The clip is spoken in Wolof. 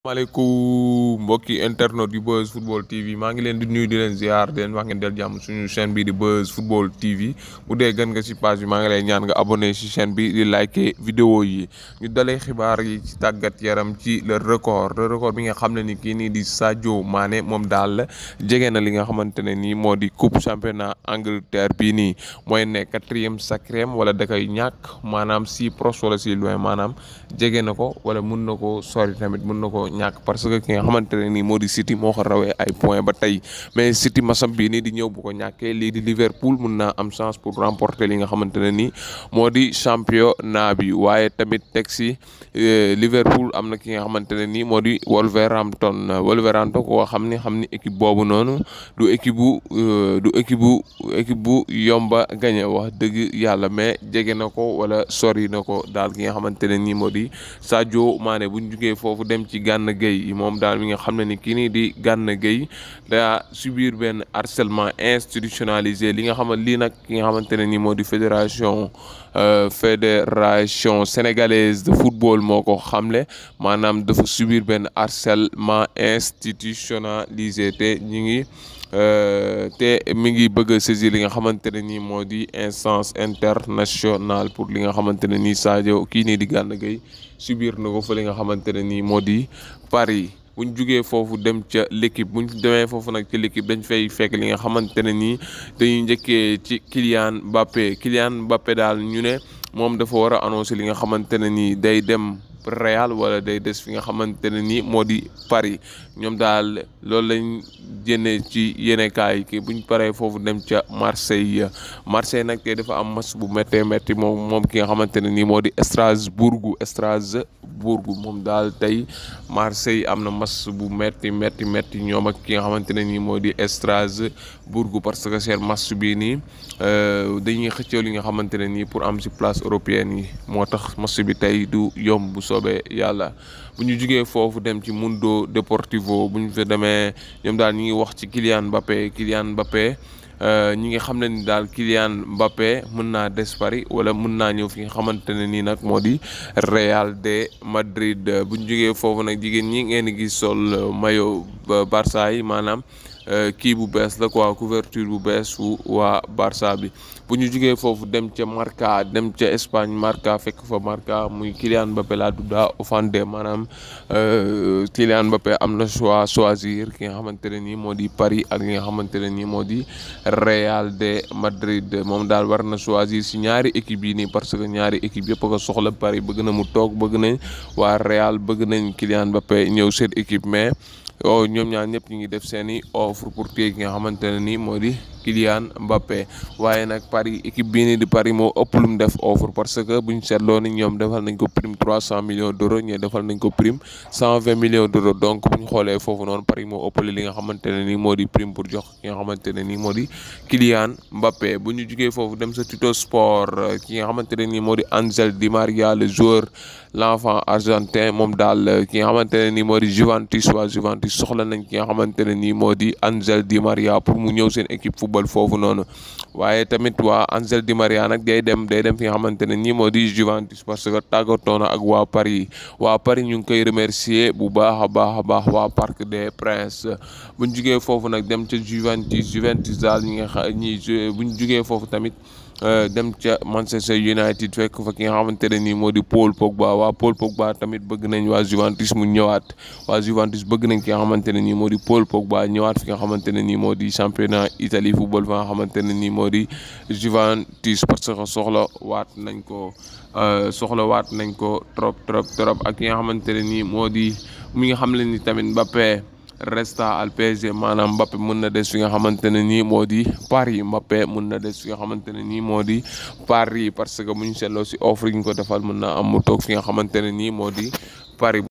maaleykum mbokki internet yu Buzz Football TV maa ngi leen di nuyu di leen ziar di leen wax ngeen del jàmm suñu chaine bi di Buzz Football TV bu dee gën nga ci page bi maa ngi lay ñaan nga abonné ci chaîne bi di liker vidéo yi ñu dalee xibaar yi ci tàggat yaram ci le record le record bi nga xam ne ni kii nii di Sadio maane moom daal jege na li nga xamante ne nii moo di coupe championnat Angleterre bii nii mooy ne quatrième sacrém wala da koy ñàkk maanaam si proche wala si loin maanaam jege na ko wala mun na ko sori tamit mun na ko ñàkk parce que ki nga xamante ne nii moo di City moo ko rawee ay point ba tey mais City masam bii nii di ñëw bu ko ñàkkee lii di Liverpool mun naa am chance pour remporter li nga xamante ne nii moo di championnat bi waaye tamit teg si euh, Liverpool am na ki nga xamante ne nii moo di Wolverhampton Wolverhampton koo xam ni xam ni équipe boobu noonu du équipe bu euh, du équipe bu équipe bu yomba gañe wax dëgg yàlla mais jege na ko wala sori na ko daal ki nga xamante ne nii moo di Sadio Mané buñ jugee foofu dem ci Gana Gueye moom daal mi nga xam ne ni kii nii di Gana Gueye daa subir benn harcèlement institutionnalisé li nga xam ne lii nag ki nga xamante ne ni moo di fédération euh, fédération sénégalaise de football moo ko xamle maanaam dafa subir benn harcèlement institutionnalisé te ñi ngi Euh, te mi ngi bëgg a saisir li nga xamante ne nii moo di instance internationale pour li nga xamante ne nii Sadio kii nii di Gana Gueye subir na ko fa li nga xamante ne nii moo di Paris bu ñu jugee foofu dem ca l'équipe bu ñu demee foofu nag ca l'équipe dañ fay fekk li nga xamante ne nii dañuy njëkkee ci Kylian Mbappé Kylian Mbappé daal ñu ne. moom dafa war a annoncer li nga xamante ne nii day dem Real wala day des fi nga xamante ne nii moo di Paris ñoom daal loolu lañ jënne ci yéenekaay ki buñ paree foofu dem ca Marseille Marseille nag tey dafa am match bu méttee métti moom moom ki nga xamante ne nii moo di Strasbourg Strasbourg. buur gu moom daal tey Marseille am na match bu metti metti metti ñoom ak ki nga xamante ne nii moo di Strasbourg parce que seen match bii nii euh, dañuy xëccoo li nga xamante ne nii pour am ci place européenne yi moo tax match bi tey du yomb bu soobee yàlla bu ñu jugee foofu dem ci Mundo Deportivo bu ñu fa demee ñoom daal ñu ngi wax ci Kylian Mbappé Kylian bappe Euh, ñi ngi xam ne ni daal Kylian Mbappé mën naa des Paris wala mën naa ñëw fi nga xamante ne nii nag moo di Real de Madrid euh, bu ñu jógee foofu nag jigéen ñi ngeen di gis sol euh, mayo Barça maanaam. Euh, kii bu bees la quoi couverture bu bees wu waa Barça bi bu ñu jugee foofu dem ca Marca dem ca Espagne Marca fekk fa marka muy Kylian Mbappé laa dudda offandé maanaam euh, Kylian Mbappé am na choix choisir ki nga xamante ne nii moo di Paris ak li nga xamante ne nii moo di Real de Madrid moom daal war na choisir si ñaari équipe yi nii parce que ñaari équipe yëpp ko soxla Paris bëgg na mu toog bëgg nañ waa Real bëgg nañ Kylian Mbappé ñëw seen équipe mais Oh, ñoom ñaar ñëpp ñu ngi def seen i offre pour téye ki nga xamante ne nii moo di Kylian Mbappé waaye nag Paris équipe bii nii di Paris moo ëpp lu mu def offre parce que bu ñu seetloo ni ñoom defal nañ ko prime 300 millions d'euros ñee defal nañ ko prime 120 millions d'euros donc bu ñu xoolee foofu noonu Paris moo ëppale li nga xamante ne nii moo di prime pour jox ki nga xamante ne nii moo di Kylian Mbappé bu ñu jugee foofu dem sa tuto sport ki nga xamante ne nii moo di Angel Di Maria le joueur l'enfant argentin moom daal ki nga xamante ne nii moo di Juventus waa Juventus soxla nañ ki nga xamante ne nii moo di Angel Di Maria pour ñëw seen équipe football foofu noonu waaye tamit waa Angel Di Maria nag day dem day dem fi nga xamante ne nii moo di Juventus parce que tàggatoo na ak waa Paris waa Paris ñu ngi koy remercier bu baax a baax a baax waa Parc des Princes bu ñu jugee foofu nag dem ca Juventus Juventus daal ñi nga xam ñi bu ñu jugee foofu tamit. Euh, dem ca Manchester United fekk fa ki nga xamante ne nii moo di Paul Pogba waa Paul Pogba tamit bëgg nañ waa Juventus mu ñëwaat waa Juventus bëgg nañ ki nga xamante ne nii moo di Paul Pogba ñëwaat fi nga xamante ne nii moo di championnat Italie football fa nga xamante ne nii moo di Juventus parce que soxla waat nañ ko euh, soxla nañ ko trop trop trop ak ki nga xamante ne nii moo di mi nga xam le ni tamit Mbappé resta al PSG maanaam Mbappé mën na des fi nga xamante ne nii moo di Paris mbappe mun na des fi nga xamante ne nii moo di Paris parce que bu ñu seetloo si offre yi ñu ko defal mën na am mu toog fi nga xamante ne nii moo di Paris.